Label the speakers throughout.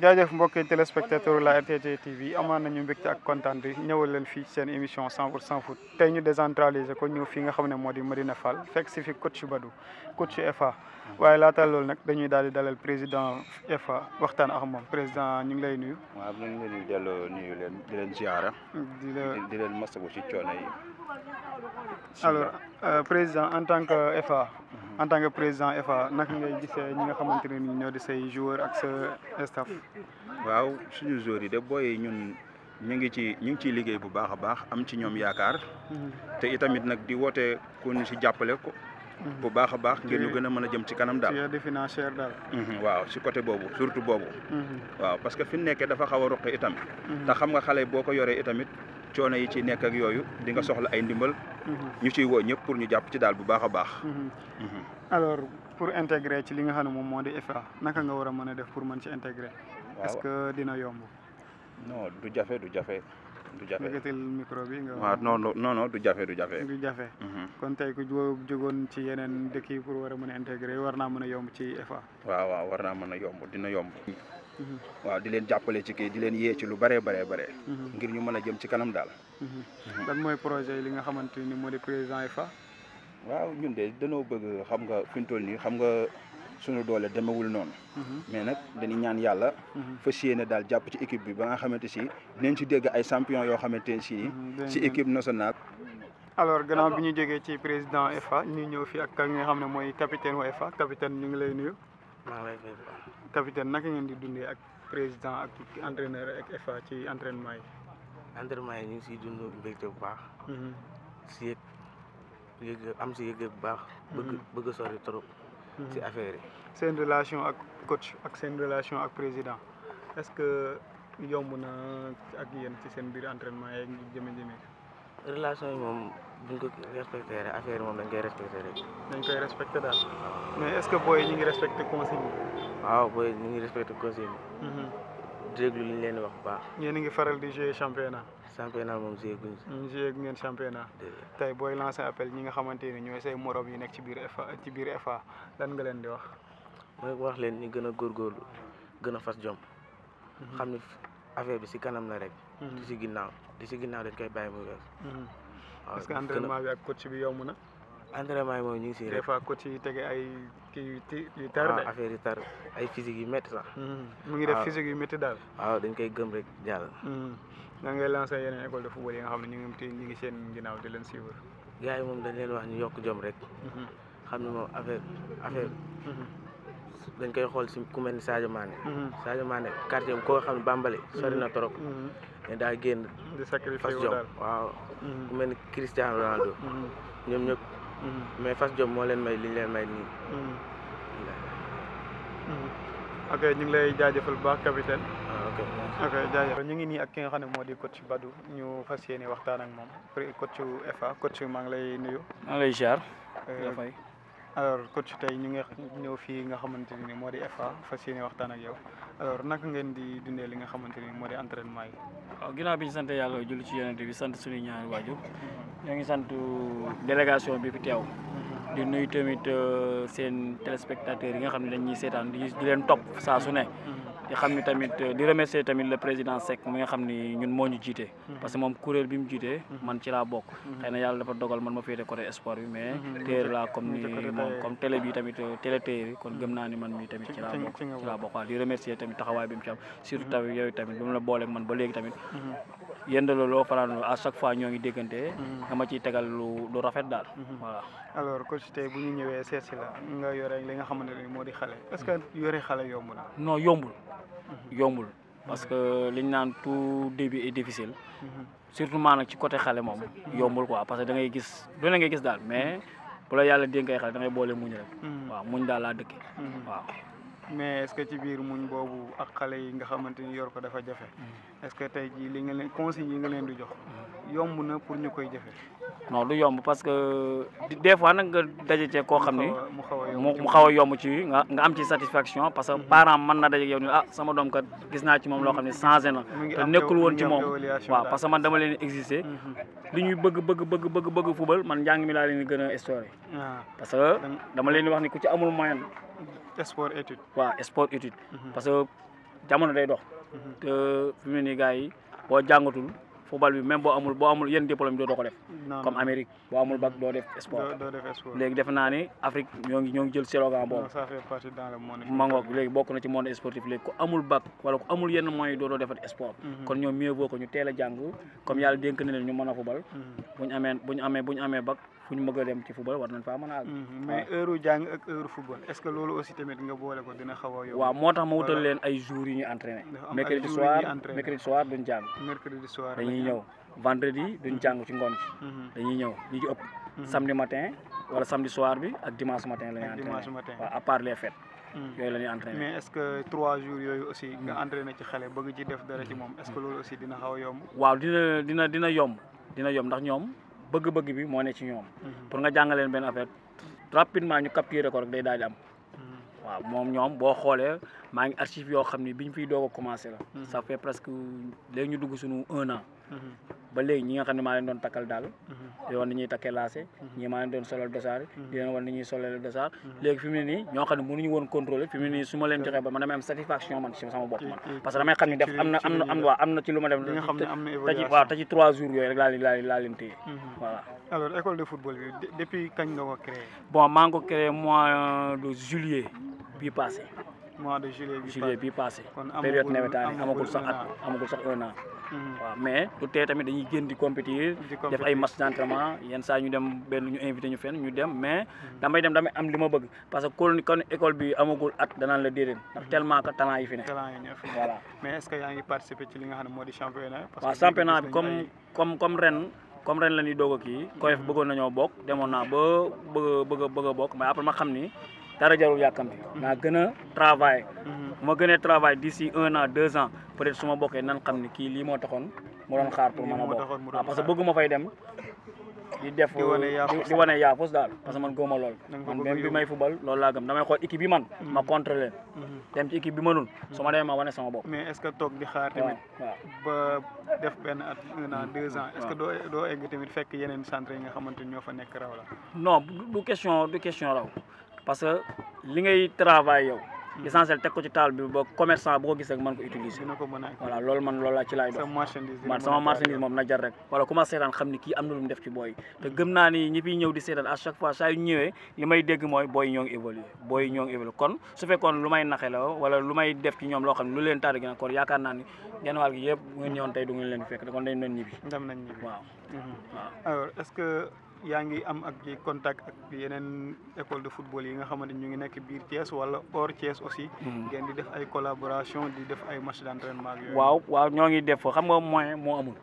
Speaker 1: jaajëf mbokki téléspectateur la RTT TV amaan nañu mbégte ak kontaan di ñëwal leen fii seen émission 100 pour 100 foot tey ñu décentralisé ko ñëw fii nga xam ne moo di Medina Fall fekk si fi coach Badou coach FA waaye laata loolu nag dañuy daal di dalal président FA waxtaan ak moom
Speaker 2: président ñu ngi lay nuyu. waaw ñu ngi leen nuyu leen di leen ziara. di leen di leen masagu ci coono yi. alors
Speaker 1: euh, président en tant que FA. en tant que président FA naka ngay gisee ñi nga xamante ne nii ñoo di say joueur ak sa staff.
Speaker 2: waaw suñu joueurs yi de booy ñun. ñu ngi ci ñu ngi ciy liggéey bu baax a baax am ci ñoom yaakaar. Mhm. te itamit nag di woote ku ñu si jàppale ko bu baax a baax ngir ñu gën a mën a jëm ci kanam daal. ci aide mhm, waaw ci côté boobu surtout boobu. Mhm. waaw parce que fi mu nekkee dafa xaw a ruqe itam. Mhm. te xam nga xale boo ko yoree itamit coono yi ci nekk ak yooyu di nga soxla ay ndimbal. ñu ciy woo ñëpp pour ñu jàpp ci daal bu baax a baax.
Speaker 1: alors pour intégrer ci linga nga xam ne moom moo di IFRA naka nga war a mën a def pour mën ci intégrer. parce que dina yomb.
Speaker 2: non du jafe du jafe. du jafe yëkkatil micro bi
Speaker 1: nga. waaw
Speaker 2: du jafe du jafe. du jafe. Mhm.
Speaker 1: kon tey ku jógoon ci yeneen dëkk yi pour war mën a intégrer war naa mën a yomb ci EFA.
Speaker 2: waaw waaw war naa mën a yomb dina yomb.
Speaker 1: Mhm.
Speaker 2: waaw di leen jàppale ci ki di leen yee ci lu bëree bëree bëri. Mhm. ngir ñu mën a jëm ci kanam daal.
Speaker 1: lan mooy projet li nga xamante ni moo di président EFA.
Speaker 2: waaw ñun de danoo bëgg xam nga fi ñu toll nii xam nga. suñu doole demewul noonu. mais nag dañuy ñaan yàlla. fas yéene daal jàpp ci équipe bi ba nga xamante si dinañ si dégg ay champion yoo xamante ne si. si hmm, équipe nationale.
Speaker 1: alors gannaaw bi ñu ah. jógee ci président EFA ñu ñëw fi ak ki nga xam ne mooy capitaine wu EFA capitaine ñu ngi lay nuyu. maa lay nuyu capitaine naka ngeen di dundee ak
Speaker 3: président ak entraîneur ak EFA ci entraînement yi. entraînement yi ñu ngi siy dund mbégte bu baax. Hmm. si yëg si yëg bu baax. bëgg hmm. bëgg sori trop. ci mhm. affaire yi.
Speaker 1: seen relation ak coach ak seen relation ak président est-ce que yomb na ak yéen ci seen biir entraînement yeeg ñu jëme jëme
Speaker 3: relation yi moom buñ ko respecté rek affaire moom dañ koy respecté rek. dañ koy respecté daal mais est-ce que booy ñu ngi respecté consigne waaw booy ñu ngi respecté consigne bi. Mhm. déglu li leen wax baax.
Speaker 1: ñeen a ngi faral di jouer championnat.
Speaker 3: championnat moom si.
Speaker 1: joué ngeen championnat. tey booy lancé appel ñi nga xamante ne ñooy say morom yi nekk ci biir FA ci biir
Speaker 3: lan nga leen di wax. mooy wax leen ñi gën a góorgóorlu gën a fas jom. Mhm. xam ni affaire bi si kanam na rek. Mhm. di si ginnaaw di si ginnaaw dañ kay bàyyi mu wees. Mhm. waaw est-ce que entraînement
Speaker 1: bi ak coach bi yomb na.
Speaker 3: entraînement yi moom ñu ngi si rek des fois coach yi
Speaker 1: ay kii yu tar de. affaire
Speaker 3: yu tar ay physique yu métti sax. mu ngi def physique yu métti daal. waaw dañ koy gëm rek jàll.
Speaker 1: na ngay lancé yeneen école de football yi nga xam ne ñu ngi ñu ngi seen ginnaaw di leen suivre.
Speaker 3: gars yi moom dañ leen wax ñu yokk jom rek. Mhm. xam ne moom affaire affaire. Mhm. dañ koy xool si ku mel ni Sadio Mané. Mhm. Sadio Mané koo xam ne Bambali. sori na trop. mais daa génn. di sacrifice wu daal waaw. ku mel ni Cristiano Ronaldo. ñoom ñëpp. mais fas jom moo leen may li leen may nii. ok ñu ngi lay jaajëfal bu baax capitaine. ok jaajëf
Speaker 1: ñu ngi nii ak ki nga xam ne moo di coach Badou ñu fas yéene waxtaan ak moom coach FA coach maa ngi lay nuyu.
Speaker 3: maa ngi lay ziar. Euh,
Speaker 1: alors coach tey ñu ngi ñëw fii nga xamante ni moo di FA fas yéene waxtaan ak yow alors naka ngeen di dundee li nga xamante ni moo di entraînement yi.
Speaker 4: waaw ginnaaw bi ñu yàlla julli ci yonent bi sant suñu ñaari waajur. ñoo ngi sant délégation bi fi teew. Mhm. di nuyu tamit euh, seen téléspectateurs yi nga xam ne dañuy seetaan di leen topp saa su di xam ni tamit euh, di remercier tamit le président Seck mi nga xam ni ñun moo ñu jiite. Mhm. parce que moom kuréel bi mu jiitee mhm. man ci laa bokk. Mhm. xëy na yàlla dafa dogal man ma féete côté espoir bi mais. téer laa comme ni moom comme télé bi tamit euh, télé téer yi kon gëm naa ni man mii tamit ci laa bokk ci laa bokk di remercier tamit taxawaay bi mu ci am surtout tamit yooyu tamit bi mu la booleeg man ba léegi tamit. yendaloo loo fanaanoo à chaque fois ñoo ngi déggante. Mm. dama ciy tegal lu lu rafet daal.
Speaker 1: Mm-hmm. voilà alors coach bu ñu ñëwee seet si la nga yore li nga xamante ne moo di xale est-ce que mm. yore xale yomb na.
Speaker 4: non yombul. Mm-hmm. yombul parce que mm-hmm. liñ naan tout début est difficile. surtout maanaam ci côté xale moom. yombul ko parce que da ngay gis lu nga gis daal mais bu yàlla yàlla dénkee xale da ngay boole muñ rek. waaw muñ daal laa dëkke waaw.
Speaker 1: mais est que ci biir muñ boobu ak xale yi nga xamante ni yor ko dafa jafe. Mm. es ce que tey jii li nga leen conseils yi nga leen di jox. Mm. yomb na pour ñu koy jafe.
Speaker 4: non du yomb parce que des fois nag nga daje cee koo xam ni. mu xaw a yomb ci nga am ci satisfaction parce que mm-hmm. parent man na daje yow ni ah sama doom kat gis naa ci moom loo xam ne mm-hmm. changé na. te nekkul woon ci moom waaw parce que man dama leen exister. Mm-hmm. li ñuy bëgg bëgg bëgg bëgg bëgg fubal man njàng mi laa leen di gën a instauré. Ah. parce que dama leen di wax ni ku ci amul moyen. sport étude. waaw sport étude. Mhm. parce que jamono day dox. Mhm. te fi mu ne nii gars yi football bi même boo amul boo amul yenn diplôme doo ko def. comme Amérique boo amul bac doo def mhm. sport. doo def sport Afrique ñoo ngi ñoo ngi jël slogan boobu. ça
Speaker 1: fait partie dans le ma
Speaker 4: ngoog léegi bokk na ci monde sportif léegi ku amul bac wala ku amul yenn moyens doo doo sport. kon ñoom mieux vaut ñu teel a jàng comme yàlla na leen ñu mën a football. bu ñu amee bu ñu amee bu fu ñu bëgg a dem ci football war nañ faa mën a àgg. Mhm, mais
Speaker 1: heure jàng ak heure football est-ce que loolu aussi tamit nga boole ko dina xaw a waaw mhm.
Speaker 4: mhm. matin wala samedi soir bi ak dimanche matin la ñuy entraîner waaw à part les
Speaker 1: mais est-ce trois jours yooyu aussi nga entraîner ci xale bëgg ci def dara ci moom est-ce que loolu aussi dina xaw
Speaker 4: a dina yom dina yomb ndax ñoom bëgg-bëgg bi moo ne ci ñoom. Mhm. pour nga jàngaleen benn affaire rapidement ñu capturer ko rek day daal mhm. waaw moom ñoom boo xoolee maa ngi archive yoo xam ni biñ fi doo a commencé la. Mhm. ça fait presque léegi ñu dugg suñu un an. ba léegi ñi nga xam ne maa leen doon takkal daal mhm. di woon ni takkee laacé mhm. ñii maa leen doon solal dosaar mhm. di léegi fi ne nii ñoo xam ne mënuñu woon contrôler fi mu ne nii su ma leen joxee ba man damay am satisfaction man si sama bopp man parce que ne def am na am na am waaw am na def trois jours yooyu rek laa leen laa leen
Speaker 1: école de football bi depuis kañ nga
Speaker 4: ko créé mois euh, de juillet bi passé
Speaker 1: mois de juillet bi passé kon période nawetaan amagul sax at Mm-hmm. waaw
Speaker 4: mais du tee tamit dañuy génn di compétir def ay match d'entraînement yenn saa ñu dem benn ñu invité ñu fenn ñu dem mais mm-hmm. damay dem damay am li ma bëgg parce que kon kon école bi amagul at danaan la déedéet ndax mm-hmm. tellement que talent yi fi ne voilà mais est-ce que yaa ngi participer ci li nga xam ne moo di championnat waaw championnat comme comme comme la ñuy doog a kii koyef bëggoon nañoo bokk demoon ba bëgg a a bokk mais après ma xam ni dara jarul yàkkamti mm-hmm. naa gën a travailler mm-hmm. ma gën a travailler d'ici un an deux ans peut être su bokkee nan xam ne kii lii moo taxoon mu doon xaar pour mën a bokk waaw parce que bëgguma fay dem di def di wane yaafus daal parce que man góoma lool man même bi may football loolu laa gëm damay xool équipe bi man mm-hmm. ma contrôler dem ci équipe bi mënul su ma demee ma wane sama bopp mais est
Speaker 1: ce que toog di xaar tamit ba def benn at un an deux ans est ce que doo egg tamit fekk yeneen centre yi nga xamante ni ñoo fa nekk raw la
Speaker 4: non du parce que li ngay travail yow. l'essentiel hmm. teg ko ci taal bi ba commerçant boo gisee mën ko utiliser. dina ko man loolu laa ci laay dox. man sama marchandise moom na jar rek. wala ku ma seetaan xam ni kii am na lu mu def ci booy te hmm. gëm naa ni ñi ñëw di seetaan à chaque fois saa yu ñëwee li may dégg mooy booy yi ñoo booy yi ñoo kon su fekkoon lu may naxe la lu may def ci ñoom loo xam ne lu leen taal gën a kon yaakaar naa ni genn
Speaker 1: yaa ngi am ak contact ak yeneen école de football yi nga xamante ñu ngi nekk biir Thiès wala hors Thiès aussi. Hmm. ngeen di def ay collaboration di def ay match d'entraînement ak yooyu. waaw
Speaker 4: waaw ñoo ngi def xam nga moyen moo amul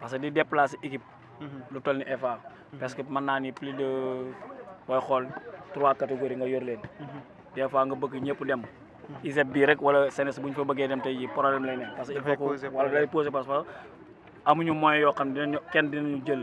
Speaker 4: parce que di déplacer équipe. Hmm. lu tol ni FA. Hmm. parce que mën naa ni plus de booy xool trois catégories nga yor leen. des fois nga bëgg ñëpp dem. ISEP bii rek wala CNES bu ñu fa bëggee dem tey jii problème lay nekk. parce que il faut que wala day yoo xam ne dinañu kenn dinañu jël.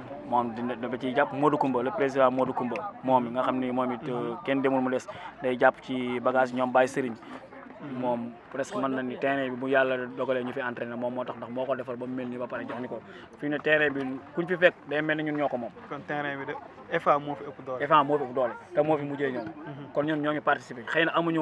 Speaker 4: moom dina da ciy jàpp Modou Koumba le président Modou Koumba moom nga xam ni moom euh, kenn demul mu des day jàpp ci bagage ñoom Baye Serigne. moom presque mën na ni terrain bi bu yàlla dogalee ñu fi entraîné moom moo tax ndax moo ko defar ba mu mel nii ba pare jox ni ko fi ne terrain bi kuñ fi fekk day mel ni ñun ñoo kon terrain bi de EFA moo mhm. amuñu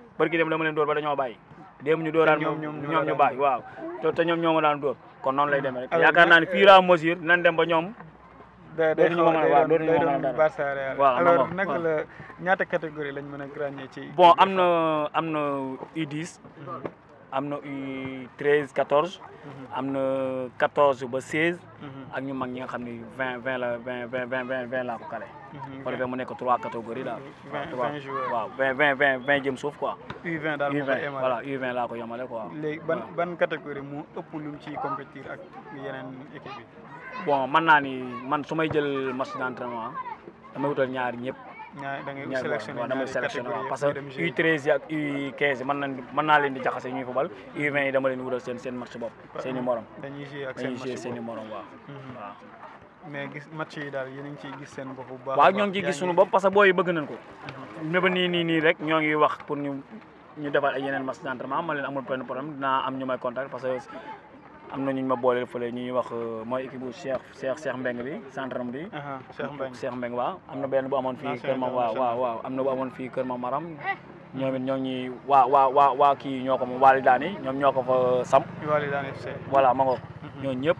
Speaker 4: barki dem dama leen dóor ba dañoo bàyyi déem ñu dóoraan ñoom ñoom ñu bàyyi waaw te te ñoom ñoo ma daan dóor kon noonu lay demee rek yaakaar naa ne fur et à dem ba ñoom day day xaw a day doon la
Speaker 1: ñaata a ràññee ci.
Speaker 4: bon am na am na U10. am na U 13 14. Mhm. am na 14 ba 16. Mhm. ak ñu mag ñi nga xam ne 20 20 la 20 20 20 20 laa ko kale. parce que mu nekk trois catégories daal. 20 mhm, 20 waaw 20 20 20 20 jëm suuf quoi. U 20 daal moo koy yemale voilà U 20 laa ko yemale quoi. léegi ban
Speaker 1: ban mu ëpp lu mu ciy compétir ak yeneen équipe
Speaker 4: bon man naa ni man su may jël match d' entraînement ñaar ñëpp. ñaar da ngay naa leen di jaxase i morom dañuy jouer ak seen match dañuy jouer seen i morom waaw
Speaker 1: mhm. gis match a ngi ciy gis seen bopp ñoo ngi ciy gis suñu bopp
Speaker 4: parce que booy yi bëgg nañ ko ñëpp mhm. nii rek ñoo ngi wax pour ñu ñu defal ay yeneen match d'entraînement ma leen amul benn problème dinaa am ñu may contact parce que am na ñu ma booleel fële ñuy wax euh, mooy équipe bu Cheikh Cheikh Cheikh Mbeng bi centre bi. Cheikh Mbeng Mbeng waaw. am na benn am na Kër Ma Maram. ñoom it kii ñoo ko moom waali ñoom ñoo ko fa euh, sam.
Speaker 1: waali daani voilà
Speaker 4: ma ngoog. Mhm. ñoo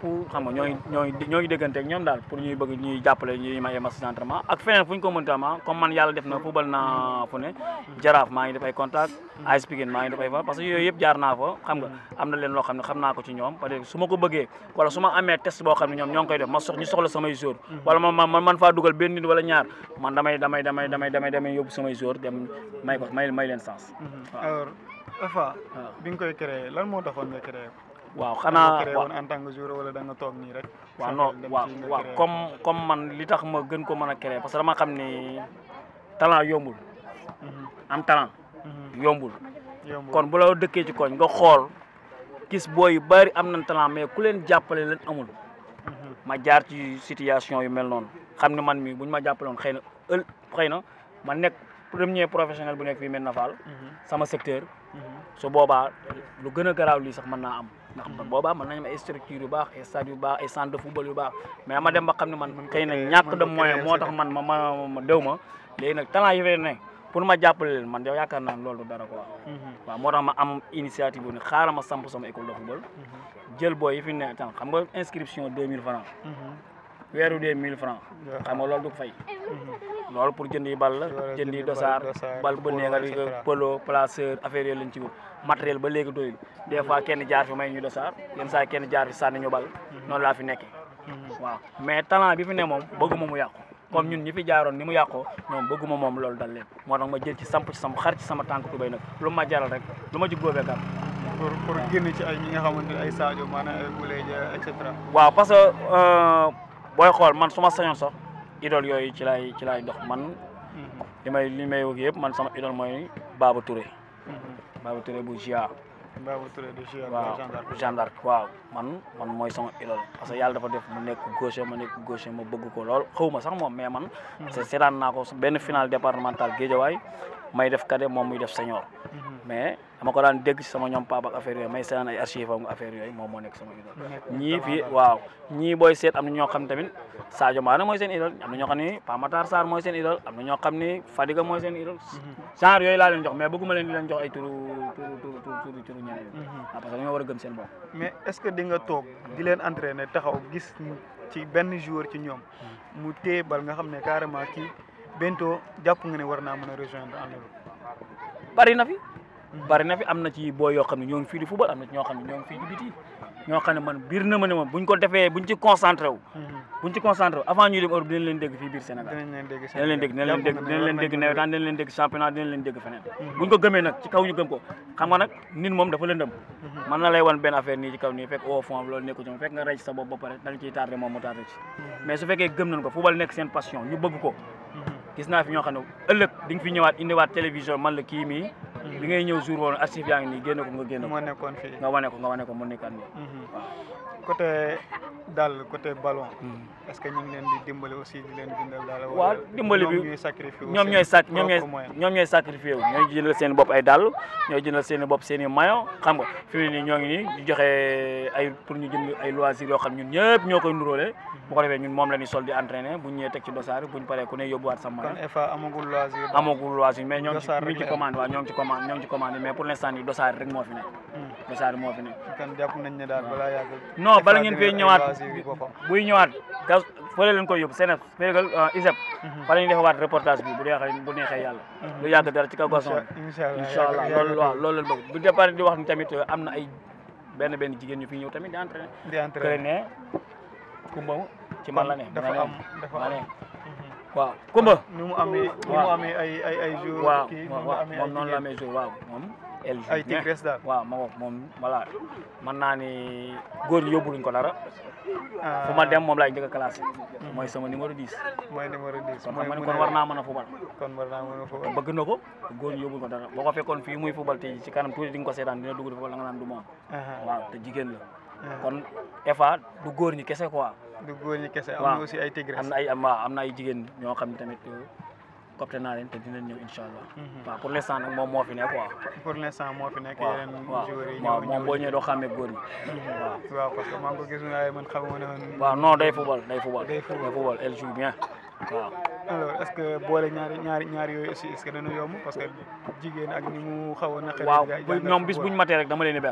Speaker 4: ñëpp ñoom daal pour ñuy bëgg ñuy jàppale ñuy may ñu ma ah, comme man yàlla na football naa fu ne mhm. jaraaf maa ngi def ay contact mhm. AS Pikine maa ngi def ay fa parce que yooyu yëpp jaar naa fa xam am na leen loo xam ne naa ko ñoom bëre su ma ko bëggee wala su ma amee test boo xam ne ñoom ñoo ngi koy def ma soxla samay jour wala ma ma man faa dugal benn nit wala ñaar man damay damay damay damay damay damay yóbbu samay jour dem may ko may may leen sens
Speaker 1: mm-hmm. alors Alpha bi nga koy créé lan moo taxoon nga waaw xanaa en tant que joueur wala da nga toog nii rek waaw non waaw waaw comme comme man li tax ma gën
Speaker 4: ko man a créer parce que dama xam ni talent yombul mm-hmm. am talent mm-hmm. yombul kon bu la dëkkee koñ nga xool gis booy yu bari am nañ talent mais ku leen jàppale leen amul. ma jaar ci situation yu mel noonu xam ne man mii bu ñu ma jàppale woon xëy na ël na ma nekk premier professionnel bu nekk fii Médina Fall. Mhm. sama secteur. Mhm. su boobaa lu gën a garaaw lii sax mën naa am. ndax man boobaa mën nañu am ay structure yu baax ay stade yu baax ay centre de football yu baax mais ma dem ba xam ne man. xëy na ñàkk da moyen moo tax man ma ma ma dew ma léegi nag talent yi fay ne. pour ma jàppale leen man yow yaakaar naa loolu dara quoi. Mhm. waaw moo tax ma am initiative bu ne xaaral ma samp sama école de football. Mhm. jël booy yi fi ne tam xam nga inscription deux mille francs. Mhm. weeru dee mille francs xam nga loolu du fay. loolu pour jënd yi bal la jënd yi dosaar bal bu nee di euh, polo placeur affaire yooyu lañ ci wut matériel ba léegi doyul des fois kenn jaar fi may ñu dosaar yenn saa kenn jaar fi sànni ñu bal noonu laa fi nekkee waaw mais talent bi fi ne moom bëgguma mu yàqu comme ñun ñi fi jaaroon ni mu yàqoo ñoom bëgguma moom loolu dal leen moo tax ma jël ci samp ci sama xar ci sama tànk tubay nag lu ma jaral rek lu ma jig góobee gàtt pour pour ci ay ñi nga xamante ay Sadio maanaam ay
Speaker 1: Boulaye Dia et cetera.
Speaker 4: waaw parce que euh, booy xool man suma ma sañoon sax idole yooyu ci laay ci laay dox man. Mm-hmm. li may li may wax yëpp man sama idole mooy Baba Touré. Mm-hmm. Baba Touré bu GIA.
Speaker 1: Mbaye Touré di waaw
Speaker 4: Jeanne d'Arc waaw man man mooy sama idole parce que yàlla dafa def mu nekk gaucher ma nekk gaucher ma bëgg ko lool xaw ma sax moom mais man. Mhm. parce que seetaan naa ko benn final départemental Guédiawaye may def cadet moom muy def senior. Mhm. mais dama ko daan dégg sama ñoom papa affaire yooyu may seetaan ay archive affaire yooyu moom moo nekk sama idole ñii fii waaw ñii booy seet am na ñoo tamit Sadio Mané mooy seen idole am ni Pa ni Fadiga mooy seen idole mhm. genre yooyu laa leen jox mais bëgguma leen di
Speaker 1: leen jox ay turu turu turu turu mhm.
Speaker 3: ah,
Speaker 1: parce que dañoo war a gëm seen bopp mais est que di toog di leen entraîner taxaw gis ci benn joueur ci ñoom mu téebal nga xam ne Bento jàpp nga ne war naa mën a rejoindre en Europe. bari na
Speaker 4: fi. bari na fi am na ci boo yoo xam ne ñoo di football am na ci ñoo xam di biti ñoo xam man biir na ma ne ma ko defee buñ ci mm-hmm. ci concentré avant ñuy dem Europe dinañ leen dégg fii biir
Speaker 1: Sénégal. dinañ leen
Speaker 4: dégg dinañ leen leen dégg championnat dinañ leen dégg feneen. Mm-hmm. buñ ko gëmee nag ci kaw ñu gëm ko xam nag nit moom dafa lëndëm. Mm-hmm. mën na lay wan benn affaire nii ci kaw nii fekk au fond loolu nekku ci fekk nga gis naa fi ñoo xam ne di nga fi ñëwaat indiwaat télévision man la kii mii. Mm-hmm. bi ngay
Speaker 1: ñëw jour woon asif yaa ngi nii ko nga génne ko. moo nekkoon fii nga wane ko nga wane ko mu nekkaat côté dal côté ballon. est-ce que ñu ngi leen di dimbali aussi di leen dundal daal. waaw dimbali bi ñoom ñooy sacrifié ñoom ñooy sac ñoom ñooy
Speaker 4: ñoom ñooy sacrifié wu ñooy jëndal seen bopp ay dàll ñooy jëndal seen bopp seen i maillot xam nga fi mu nii ñoo ngi nii di joxe ay pour ñu jënd ay loisir yoo xam ñun ñëpp ñoo koy nuróole. bu ko defee ñun moom la ñuy sol di entraîner bu ñu ñëwee teg ci dosaar bu ñu paree ku ne yóbbuwaat sa maillot. kon
Speaker 1: EFA amagul loisir.
Speaker 4: amagul loisir mais ñoo ngi ci ñu ngi ci commande waaw ñoo ngi ci commande ñoo ngi ci commande mais pour l'instant nii dosaar rek moo fi nekk. Hmm. dosaar moo fi nekk. kon jàpp nañ ne daal balaa yàgg non bala ngeen fee ñëwaat buy ñëwaat gas fële leen koy yóbbu senef féegal euh, ISEP mhm. fa la ñuy defawaat reportage bi bu dee bu neexee yàlla mhm. lu yàgg dara ci kaw gason incha allah loolu waaw loolu leen bëgg bu départ di wax ni tamit euh, am na ay benn benn jigéen ñu fi ñëw tamit di entraîné di entraîné kumba ci mala ne dafa am dafa waaw Kumba nu mu amee amee ay ay ay jours. waaw waaw moom noonu la amee jour waaw moom. ay tigres daal waaw ma wax moom voilà mën naa ni góor ñi yóbbuluñ ko dara. Ah. fu ma dem moom laa njëkk a classé. Hmm. mooy sama numéro 10. mooy numéro 10 kon man kon war naa man a fubal. kon war naa mën a fubal bëgg na ko. góor ñi yóbbuluñ ko dara boo ko fekkoon fii muy fubal te ci kanam tuuti di nga ko seetaan dina dugg a fubal la nga du moom. Ah. waaw te jigéen la. Ah. kon EFA du góor ñi kese quoi. du góor ñi kese am na ay tigres am jigéen ñoo xam ne tamit euh, copté naa leen te dinañ ñëw incha allah. Mhm. waaw pour l' instant moo fi waaw.
Speaker 1: pour l' instant moo fi nekk yeneen joueurs yi. waaw moom boo ñëwee doo xàmmee góor ñi. Mhm. waaw waaw parce que boole ñaari ñaari ñaari yooyu aussi est parce que jigéen ak ni mu xawoon na. xëy na waaw ñoom bis bu
Speaker 4: ñu rek dama leen di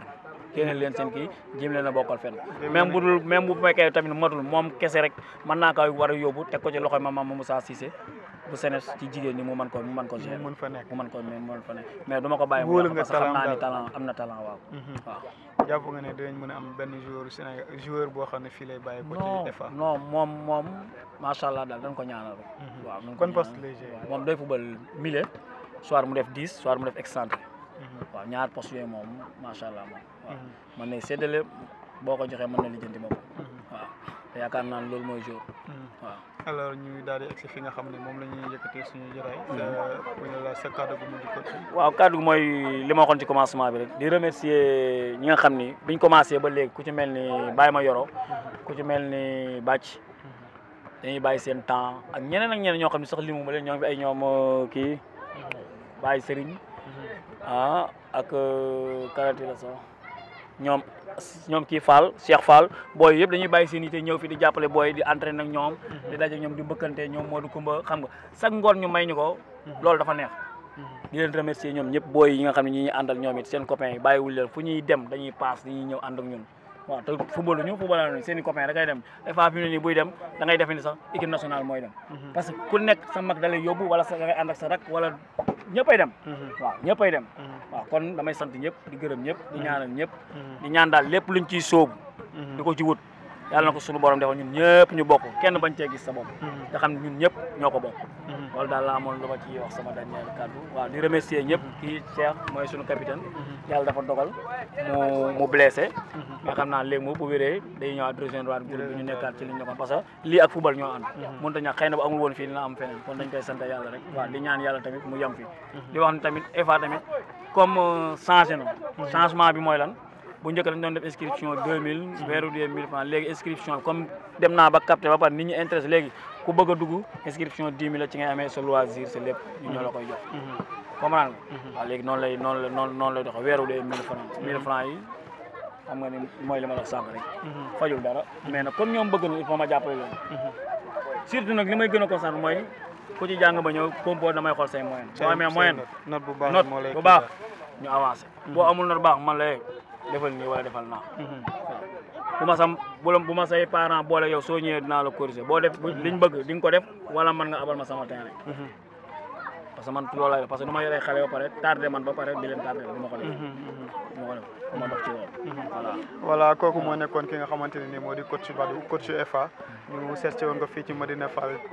Speaker 4: génneel leen seen kii jéem leen a bokkal fenn même bu dul même bu fekkee tamit matul moom kese rek mën naa ko war a yóbbu teg ko ci loxoy maman Moussa Cissé bu senes ci jigéen ñi mu mën ko mu mën du ma ko bàyyi mu parce que xam naa ni
Speaker 1: talent am na talent waaw mhm. waaw nga ne dinañ mën a ko ci defa moom moom macha allah daal dañ ko ñaanal
Speaker 4: mhm. moom day football milieu soir mu def 10 soir mu def excentré Mhm. waaw ñaar poste moom macha allah moom waaw mën mhm. na séddale boo ko joxee mën na lijjanti moom mhm. waaw yaakaar naa ne loolu mooy jour
Speaker 1: waaw alors ñu daal fi nga xam ne moom la ñuy yëkkatee suñu jëraay euh, la sa kàddu gu mujj ko
Speaker 4: waaw kàddu gu mooy li ma ci commencement bi rek di remercier ñi nga xam ni biñ commencé ba léegi ku ci mel ni baay ma yoro ku ci mel ni bàcc dañuy bàyyi seen temps ak ñeneen ak ñeneen ñoo xam ne sax limu ma leen ñoo fi ay ñoom euh, kii Baye Serigne ah ak euh, karaté la sax ñoom ñoom kii Fall Cheikh Fall booy yëpp dañuy bàyyi seen yite ñëw fii di jàppale booy di entraîné ak ñoom. di daje ñoom di bëkkante ñoom Modou Koumba xam nga chaque ngoon ñu may ñu ko. Mhm. loolu dafa neex. Mhm. di leen remercier ñoom ñëpp booy yi nga xam ne ñu ñuy àndal ñoom it seen copain yi bàyyiwul leen fu ñuy dem dañuy paas dañuy ñëw ànd ak ñun. waaw te football ñu football la ñu seen i dem des fois fi mu ne dem da ngay defe ni sax mooy dem mhm. parce que sa mag da lay sa da ngay ànd ak dem mhm. waaw ñëppay dem mhm. waaw kon damay sant ñëpp di gërëm ñëpp di ñaanal ñëpp di ñaan daal lépp luñ ciy di ko ci wut yàlla na ko suñu borom defal ñun ñëpp ñu bokk kenn bañ cee gis sa bopp mm-hmm. te xam ne ñun ñëpp ñoo ko bokk mm-hmm. loolu daal la amoon lu ma ci wax sama dernier kàddu waaw di remercier ñëpp mm-hmm. kii Cheikh mooy suñu capitaine yàlla dafa dogal mu mu blessé xam naa léegi mu bu wéree day ñëwaat rejoindre waat groupe bi ñu nekkaat ci li ñu ko parce que ak football ñoo ànd mënut a ñàkk xëy na bu amul woon fii dina am feneen kon dañ koy sant yàlla rek waaw di ñaan yàlla tamit mu yem fi di wax euh, na changement bi mooy lan bu njëkk dañ doon def inscription 2000 weeru dee 1000 francs léegi inscription comme dem naa ba capté ba pare nit ñi intéressé léegi ku bëgg a dugg inscription 10 000 la ci ngay amee sa loisir sa lépp ñu ñoo la koy jox mhm. nga mhm. waaw léegi noonu la ma wax sànq mhm. fajul dara mais nag comme ñoom bëgg na il faut ma jàppale leen surtout nag li may gën a concentré mooy ku ci jàng ba ñëw compo damay xool say moyen boo amee moyen note bu baax ñu avancé defal nii wala defal naa mhm. bu ma sam bu ma say parents boole yow soo ñëwee dinaa la corriger boo def liñ bëgg di ko def wala man nga abal ma sama terrain mhm. parce que man loolu lay parce que ma yoree xale ba pare tardé man ba pare di leen tardé du ma ko def mhm, du
Speaker 1: ma ko kooku moo nekkoon ki nga xamante ne nii moo di coach Badou coach FA ñu seet woon ko fii ci Medina Fall